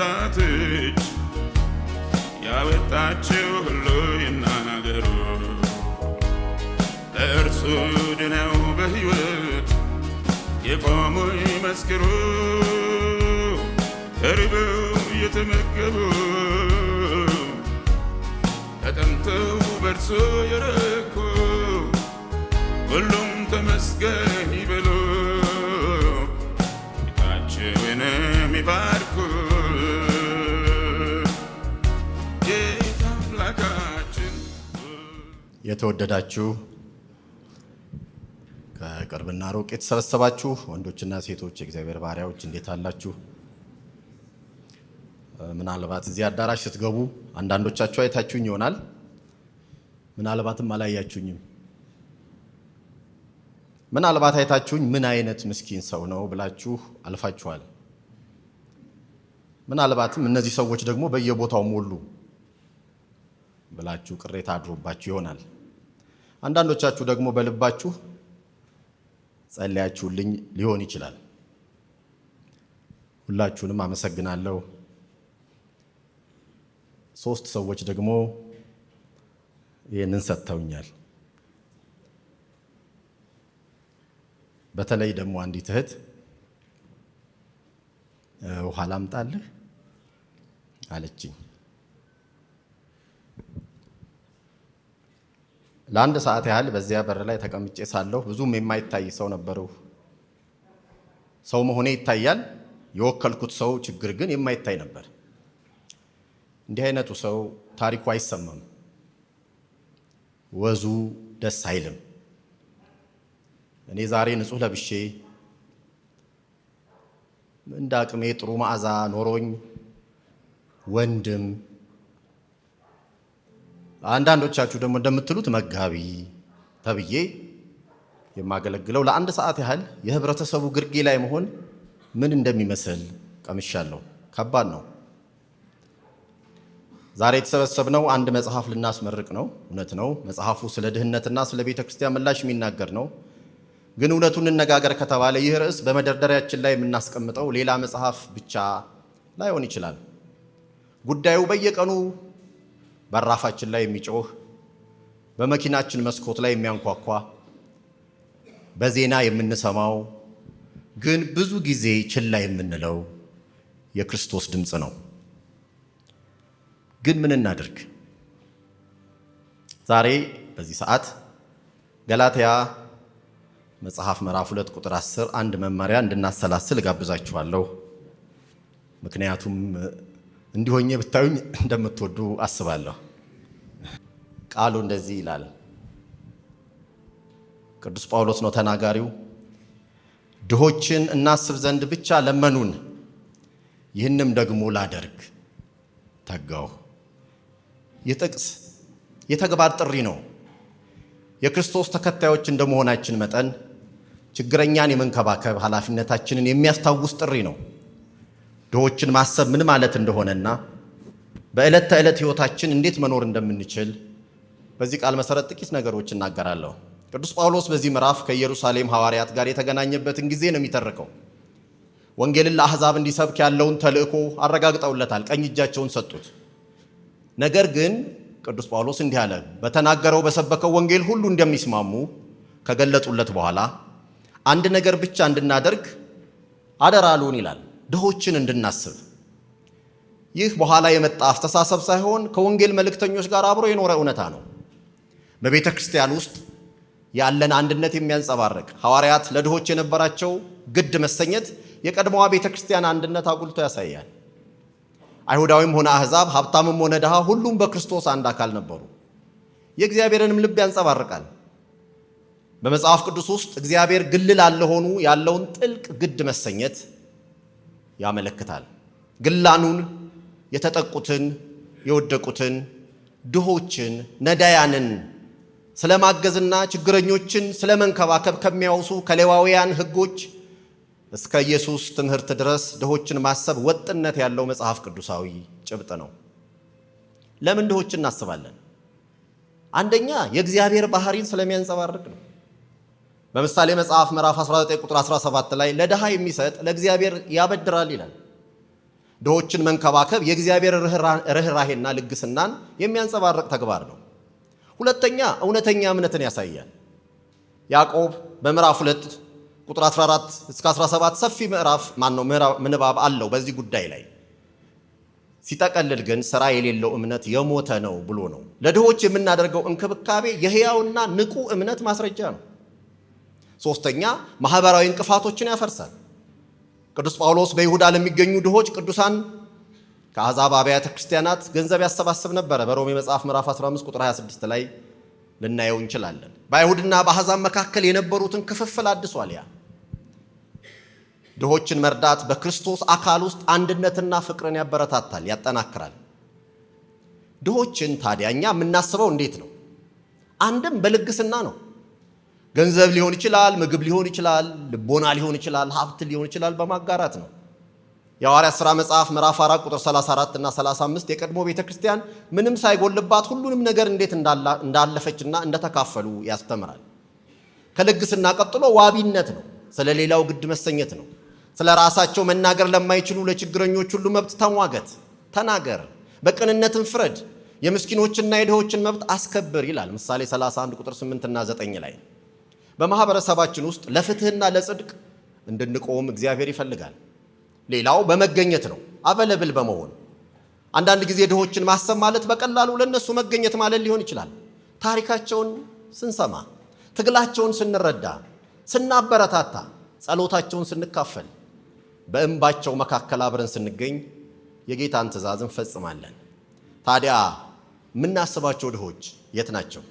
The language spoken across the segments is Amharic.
ጠላት እጅ ያወጣችው ሁሉ ይናገሩ። ለእርሱ ድነው በሕይወት የቆሙ ይመስክሩ። ተርበው የተመገቡ ተጠምተው በእርሱ የረኩ ሁሉም ተመስገን ይበሉ ጌታችንን ይባርኩ። የተወደዳችሁ ከቅርብና ሩቅ የተሰበሰባችሁ ወንዶችና ሴቶች የእግዚአብሔር ባሪያዎች እንዴት አላችሁ? ምናልባት እዚህ አዳራሽ ስትገቡ አንዳንዶቻችሁ አይታችሁኝ ይሆናል። ምናልባትም አላያችሁኝም። ምናልባት አይታችሁኝ ምን አይነት ምስኪን ሰው ነው ብላችሁ አልፋችኋል። ምናልባትም እነዚህ ሰዎች ደግሞ በየቦታው ሞሉ ብላችሁ ቅሬታ አድሮባችሁ ይሆናል። አንዳንዶቻችሁ ደግሞ በልባችሁ ጸለያችሁልኝ ሊሆን ይችላል። ሁላችሁንም አመሰግናለሁ። ሶስት ሰዎች ደግሞ ይህንን ሰጥተውኛል። በተለይ ደግሞ አንዲት እህት ውሃ ላምጣልህ አለችኝ። ለአንድ ሰዓት ያህል በዚያ በር ላይ ተቀምጬ ሳለሁ ብዙም የማይታይ ሰው ነበሩ። ሰው መሆኔ ይታያል፣ የወከልኩት ሰው ችግር ግን የማይታይ ነበር። እንዲህ አይነቱ ሰው ታሪኩ አይሰማም፣ ወዙ ደስ አይልም። እኔ ዛሬ ንጹህ ለብሼ እንደ አቅሜ ጥሩ መዓዛ ኖሮኝ ወንድም አንዳንዶቻችሁ ደግሞ እንደምትሉት መጋቢ ተብዬ የማገለግለው ለአንድ ሰዓት ያህል የህብረተሰቡ ግርጌ ላይ መሆን ምን እንደሚመስል ቀምሻለሁ። ከባድ ነው። ዛሬ የተሰበሰብነው አንድ መጽሐፍ ልናስመርቅ ነው። እውነት ነው። መጽሐፉ ስለ ድህነትና ስለ ቤተ ክርስቲያን ምላሽ የሚናገር ነው። ግን እውነቱን እንነጋገር ከተባለ ይህ ርዕስ በመደርደሪያችን ላይ የምናስቀምጠው ሌላ መጽሐፍ ብቻ ላይሆን ይችላል። ጉዳዩ በየቀኑ በራፋችን ላይ የሚጮህ በመኪናችን መስኮት ላይ የሚያንኳኳ በዜና የምንሰማው ግን ብዙ ጊዜ ችላ የምንለው የክርስቶስ ድምፅ ነው። ግን ምን እናድርግ? ዛሬ በዚህ ሰዓት ገላትያ መጽሐፍ ምዕራፍ ሁለት ቁጥር 10 አንድ መመሪያ እንድናሰላስል እጋብዛችኋለሁ። ምክንያቱም እንዲሆኜ ብታዩኝ እንደምትወዱ አስባለሁ። ቃሉ እንደዚህ ይላል። ቅዱስ ጳውሎስ ነው ተናጋሪው። ድሆችን እናስብ ዘንድ ብቻ ለመኑን፣ ይህንም ደግሞ ላደርግ ተጋሁ። ይህ ጥቅስ የተግባር ጥሪ ነው። የክርስቶስ ተከታዮች እንደመሆናችን መጠን ችግረኛን የመንከባከብ ኃላፊነታችንን የሚያስታውስ ጥሪ ነው። ድሆችን ማሰብ ምን ማለት እንደሆነና በዕለት ተዕለት ሕይወታችን እንዴት መኖር እንደምንችል በዚህ ቃል መሰረት ጥቂት ነገሮች እናገራለሁ። ቅዱስ ጳውሎስ በዚህ ምዕራፍ ከኢየሩሳሌም ሐዋርያት ጋር የተገናኘበትን ጊዜ ነው የሚተርከው። ወንጌልን ለአሕዛብ እንዲሰብክ ያለውን ተልእኮ አረጋግጠውለታል፣ ቀኝ እጃቸውን ሰጡት። ነገር ግን ቅዱስ ጳውሎስ እንዲህ አለ። በተናገረው በሰበከው ወንጌል ሁሉ እንደሚስማሙ ከገለጡለት በኋላ አንድ ነገር ብቻ እንድናደርግ አደራሉን ይላል ድሆችን እንድናስብ ይህ በኋላ የመጣ አስተሳሰብ ሳይሆን ከወንጌል መልእክተኞች ጋር አብሮ የኖረ እውነታ ነው። በቤተ ክርስቲያን ውስጥ ያለን አንድነት የሚያንጸባርቅ ሐዋርያት ለድሆች የነበራቸው ግድ መሰኘት የቀድሞዋ ቤተ ክርስቲያን አንድነት አጉልቶ ያሳያል። አይሁዳዊም ሆነ አሕዛብ፣ ሀብታምም ሆነ ድሃ፣ ሁሉም በክርስቶስ አንድ አካል ነበሩ። የእግዚአብሔርንም ልብ ያንጸባርቃል። በመጽሐፍ ቅዱስ ውስጥ እግዚአብሔር ግል ላለሆኑ ያለውን ጥልቅ ግድ መሰኘት ያመለክታል። ግላኑን፣ የተጠቁትን፣ የወደቁትን፣ ድሆችን፣ ነዳያንን ስለማገዝና ችግረኞችን ስለመንከባከብ ከሚያውሱ ከሌዋውያን ሕጎች እስከ ኢየሱስ ትምህርት ድረስ ድሆችን ማሰብ ወጥነት ያለው መጽሐፍ ቅዱሳዊ ጭብጥ ነው። ለምን ድሆች እናስባለን? አንደኛ የእግዚአብሔር ባህሪን ስለሚያንጸባርቅ ነው። በምሳሌ መጽሐፍ ምዕራፍ 19 ቁጥር 17 ላይ ለድሃ የሚሰጥ ለእግዚአብሔር ያበድራል ይላል። ድሆችን መንከባከብ የእግዚአብሔር ርኅራሄና ልግስናን የሚያንጸባርቅ ተግባር ነው። ሁለተኛ እውነተኛ እምነትን ያሳያል። ያዕቆብ በምዕራፍ 2 ቁጥር 14 እስከ 17 ሰፊ ምዕራፍ ማነው ምንባብ አለው በዚህ ጉዳይ ላይ ሲጠቀልል ግን ስራ የሌለው እምነት የሞተ ነው ብሎ ነው። ለድሆች የምናደርገው እንክብካቤ የሕያውና ንቁ እምነት ማስረጃ ነው። ሶስተኛ ማህበራዊ እንቅፋቶችን ያፈርሳል። ቅዱስ ጳውሎስ በይሁዳ ለሚገኙ ድሆች ቅዱሳን ከአሕዛብ አብያተ ክርስቲያናት ገንዘብ ያሰባስብ ነበረ። በሮሜ መጽሐፍ ምዕራፍ 15 ቁጥር 26 ላይ ልናየው እንችላለን። በአይሁድና በአሕዛብ መካከል የነበሩትን ክፍፍል አድሷል። ያ ድሆችን መርዳት በክርስቶስ አካል ውስጥ አንድነትና ፍቅርን ያበረታታል፣ ያጠናክራል። ድሆችን ታዲያ እኛ የምናስበው እንዴት ነው? አንድም በልግስና ነው። ገንዘብ ሊሆን ይችላል፣ ምግብ ሊሆን ይችላል፣ ልቦና ሊሆን ይችላል፣ ሀብት ሊሆን ይችላል። በማጋራት ነው። የሐዋርያት ሥራ መጽሐፍ ምዕራፍ 4 ቁጥር 34 እና 35 የቀድሞ ቤተ ክርስቲያን ምንም ሳይጎልባት ሁሉንም ነገር እንዴት እንዳለፈችና እንደተካፈሉ ያስተምራል። ከልግስና ቀጥሎ ዋቢነት ነው። ስለ ሌላው ግድ መሰኘት ነው። ስለ ራሳቸው መናገር ለማይችሉ ለችግረኞች ሁሉ መብት ተሟገት፣ ተናገር፣ በቅንነትን ፍረድ፣ የምስኪኖችና የድሆችን መብት አስከብር ይላል ምሳሌ 31 ቁጥር 8 እና 9 ላይ በማህበረሰባችን ውስጥ ለፍትህና ለጽድቅ እንድንቆም እግዚአብሔር ይፈልጋል። ሌላው በመገኘት ነው፣ አበለብል በመሆን አንዳንድ ጊዜ ድሆችን ማሰብ ማለት በቀላሉ ለነሱ መገኘት ማለት ሊሆን ይችላል። ታሪካቸውን ስንሰማ፣ ትግላቸውን ስንረዳ፣ ስናበረታታ፣ ጸሎታቸውን ስንካፈል፣ በእንባቸው መካከል አብረን ስንገኝ የጌታን ትእዛዝ እንፈጽማለን። ታዲያ የምናስባቸው ድሆች የት ናቸው?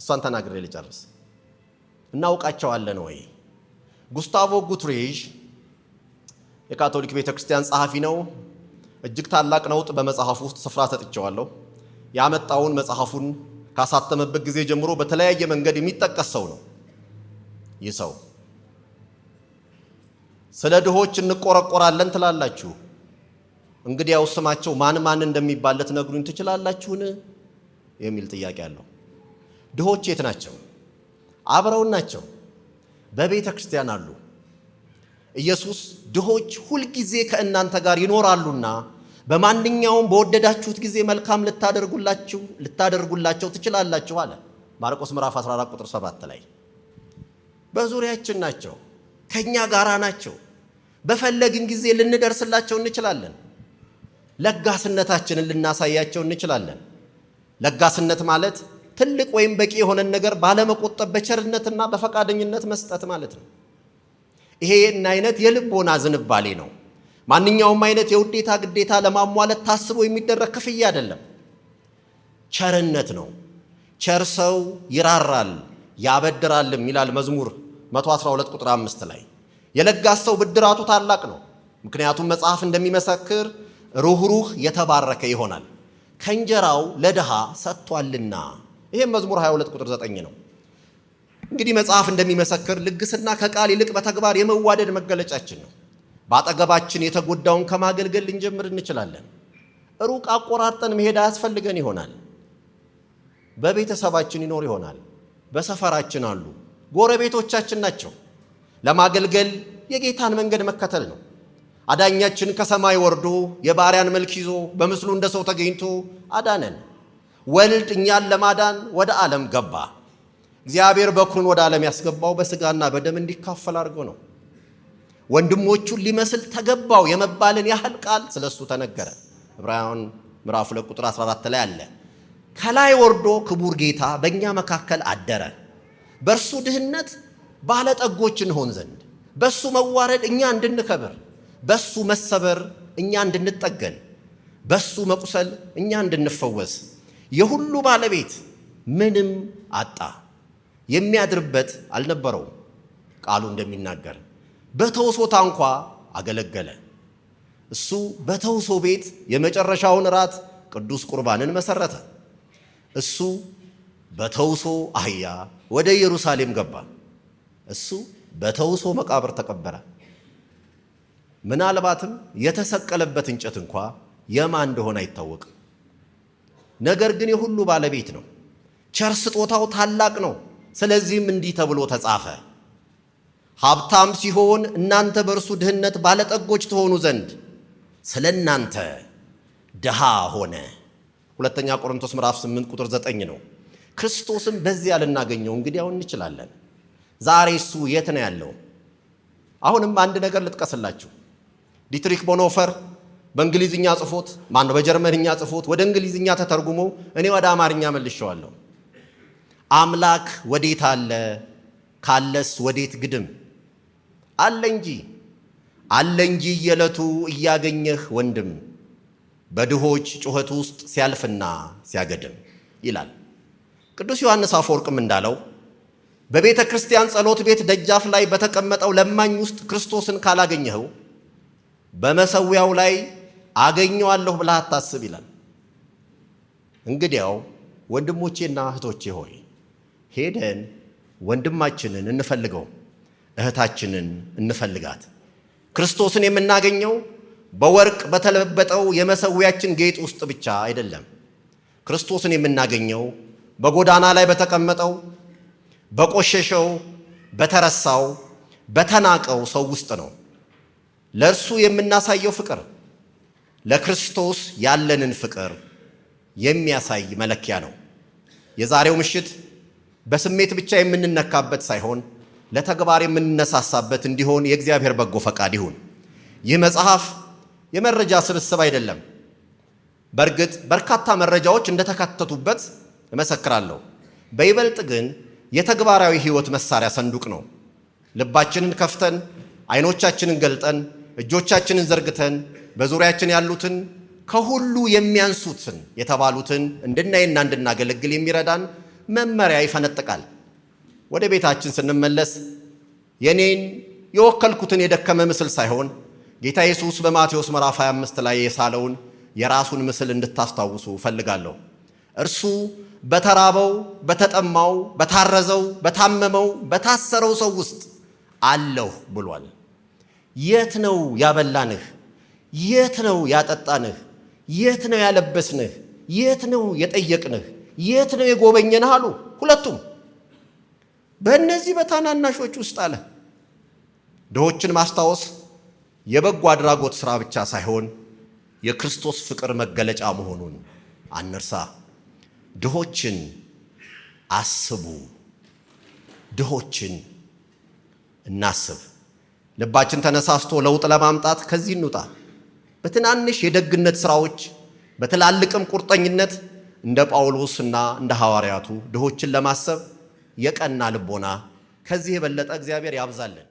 እሷን ተናግሬ ልጨርስ። እናውቃቸዋለን ወይ? ጉስታቮ ጉትሬዥ የካቶሊክ ቤተ ክርስቲያን ጸሐፊ ነው። እጅግ ታላቅ ነውጥ በመጽሐፍ ውስጥ ስፍራ ሰጥቼዋለሁ። ያመጣውን መጽሐፉን ካሳተመበት ጊዜ ጀምሮ በተለያየ መንገድ የሚጠቀስ ሰው ነው። ይህ ሰው ስለ ድሆች እንቆረቆራለን ትላላችሁ፣ እንግዲያው ስማቸው ማን ማን እንደሚባል ልትነግሩኝ ትችላላችሁን? የሚል ጥያቄ አለው። ድሆች የት ናቸው? አብረውን ናቸው። በቤተ ክርስቲያን አሉ። ኢየሱስ ድሆች ሁልጊዜ ከእናንተ ጋር ይኖራሉና በማንኛውም በወደዳችሁት ጊዜ መልካም ልታደርጉላችሁ ልታደርጉላቸው ትችላላችሁ አለ። ማርቆስ ምዕራፍ 14 ቁጥር 7 ላይ በዙሪያችን ናቸው፣ ከኛ ጋራ ናቸው። በፈለግን ጊዜ ልንደርስላቸው እንችላለን። ለጋስነታችንን ልናሳያቸው እንችላለን። ለጋስነት ማለት ትልቅ ወይም በቂ የሆነን ነገር ባለመቆጠብ በቸርነትና በፈቃደኝነት መስጠት ማለት ነው። ይሄን አይነት የልቦና ዝንባሌ ነው። ማንኛውም አይነት የውዴታ ግዴታ ለማሟለት ታስቦ የሚደረግ ክፍያ አይደለም፣ ቸርነት ነው። ቸር ሰው ይራራል ያበድራልም ይላል መዝሙር 112 ቁጥር 5 ላይ። የለጋስ ሰው ብድራቱ ታላቅ ነው፣ ምክንያቱም መጽሐፍ እንደሚመሰክር ሩኅሩህ የተባረከ ይሆናል ከእንጀራው ለድሃ ሰጥቷልና ይህም መዝሙር 22 ቁጥር 9 ነው። እንግዲህ መጽሐፍ እንደሚመሰክር ልግስና ከቃል ይልቅ በተግባር የመዋደድ መገለጫችን ነው። በአጠገባችን የተጎዳውን ከማገልገል ልንጀምር እንችላለን። ሩቅ አቆራርጠን መሄድ አያስፈልገን ይሆናል። በቤተሰባችን ይኖር ይሆናል። በሰፈራችን አሉ፣ ጎረቤቶቻችን ናቸው። ለማገልገል የጌታን መንገድ መከተል ነው። አዳኛችን ከሰማይ ወርዶ የባሪያን መልክ ይዞ በምስሉ እንደ ሰው ተገኝቶ አዳነን። ወልድ እኛን ለማዳን ወደ ዓለም ገባ። እግዚአብሔር በኩሩን ወደ ዓለም ያስገባው በስጋና በደም እንዲካፈል አድርጎ ነው። ወንድሞቹን ሊመስል ተገባው የመባልን ያህል ቃል ስለ እሱ ተነገረ። ዕብራውያን ምዕራፍ 2 ቁጥር 14 ላይ አለ። ከላይ ወርዶ ክቡር ጌታ በእኛ መካከል አደረ፣ በእርሱ ድህነት ባለጠጎች እንሆን ዘንድ፣ በእሱ መዋረድ እኛ እንድንከብር፣ በእሱ መሰበር እኛ እንድንጠገን፣ በእሱ መቁሰል እኛ እንድንፈወስ የሁሉ ባለቤት ምንም አጣ፣ የሚያድርበት አልነበረውም። ቃሉ እንደሚናገር በተውሶ ታንኳ አገለገለ። እሱ በተውሶ ቤት የመጨረሻውን እራት ቅዱስ ቁርባንን መሰረተ። እሱ በተውሶ አህያ ወደ ኢየሩሳሌም ገባ። እሱ በተውሶ መቃብር ተቀበረ። ምናልባትም የተሰቀለበት እንጨት እንኳ የማን እንደሆነ አይታወቅም። ነገር ግን የሁሉ ባለቤት ነው። ቸር ስጦታው ታላቅ ነው። ስለዚህም እንዲህ ተብሎ ተጻፈ፣ ሀብታም ሲሆን እናንተ በእርሱ ድህነት ባለጠጎች ትሆኑ ዘንድ ስለ እናንተ ድሃ ሆነ። ሁለተኛ ቆሮንቶስ ምዕራፍ 8 ቁጥር 9 ነው። ክርስቶስን በዚያ ልናገኘው እንግዲህ አሁን እንችላለን። ዛሬ እሱ የት ነው ያለው? አሁንም አንድ ነገር ልጥቀስላችሁ ዲትሪክ ቦኖፈር በእንግሊዝኛ ጽፎት ማን ነው በጀርመንኛ ጽፎት ወደ እንግሊዝኛ ተተርጉሞ እኔ ወደ አማርኛ መልሼዋለሁ። አምላክ ወዴት አለ? ካለስ ወዴት ግድም አለ እንጂ አለ እንጂ የዕለቱ እያገኘህ ወንድም በድሆች ጩኸት ውስጥ ሲያልፍና ሲያገድም ይላል ቅዱስ ዮሐንስ አፈወርቅም እንዳለው በቤተ ክርስቲያን ጸሎት ቤት ደጃፍ ላይ በተቀመጠው ለማኝ ውስጥ ክርስቶስን ካላገኘኸው በመሰዊያው ላይ አገኘዋለሁ ብለህ አታስብ ይላል። እንግዲያው ወንድሞቼና እህቶቼ ሆይ ሄደን ወንድማችንን እንፈልገው፣ እህታችንን እንፈልጋት። ክርስቶስን የምናገኘው በወርቅ በተለበጠው የመሰዊያችን ጌጥ ውስጥ ብቻ አይደለም። ክርስቶስን የምናገኘው በጎዳና ላይ በተቀመጠው፣ በቆሸሸው፣ በተረሳው፣ በተናቀው ሰው ውስጥ ነው። ለእርሱ የምናሳየው ፍቅር ለክርስቶስ ያለንን ፍቅር የሚያሳይ መለኪያ ነው። የዛሬው ምሽት በስሜት ብቻ የምንነካበት ሳይሆን ለተግባር የምንነሳሳበት እንዲሆን የእግዚአብሔር በጎ ፈቃድ ይሁን። ይህ መጽሐፍ የመረጃ ስብስብ አይደለም። በእርግጥ በርካታ መረጃዎች እንደተካተቱበት እመሰክራለሁ። በይበልጥ ግን የተግባራዊ ሕይወት መሳሪያ ሰንዱቅ ነው። ልባችንን ከፍተን፣ አይኖቻችንን ገልጠን፣ እጆቻችንን ዘርግተን በዙሪያችን ያሉትን ከሁሉ የሚያንሱትን የተባሉትን እንድናይና እንድናገለግል የሚረዳን መመሪያ ይፈነጥቃል። ወደ ቤታችን ስንመለስ የኔን የወከልኩትን የደከመ ምስል ሳይሆን ጌታ ኢየሱስ በማቴዎስ ምዕራፍ 25 ላይ የሳለውን የራሱን ምስል እንድታስታውሱ እፈልጋለሁ። እርሱ በተራበው፣ በተጠማው፣ በታረዘው፣ በታመመው፣ በታሰረው ሰው ውስጥ አለሁ ብሏል። የት ነው ያበላንህ? የት ነው ያጠጣንህ? የት ነው ያለበስንህ? የት ነው የጠየቅንህ? የት ነው የጎበኘንህ? አሉ ሁለቱም። በእነዚህ በታናናሾች ውስጥ አለ ድሆችን ማስታወስ የበጎ አድራጎት ሥራ ብቻ ሳይሆን የክርስቶስ ፍቅር መገለጫ መሆኑን አንርሳ። ድሆችን አስቡ፣ ድሆችን እናስብ። ልባችን ተነሳስቶ ለውጥ ለማምጣት ከዚህ እንውጣ። በትናንሽ የደግነት ስራዎች በትላልቅም ቁርጠኝነት እንደ ጳውሎስና እንደ ሐዋርያቱ ድሆችን ለማሰብ የቀና ልቦና ከዚህ የበለጠ እግዚአብሔር ያብዛልን።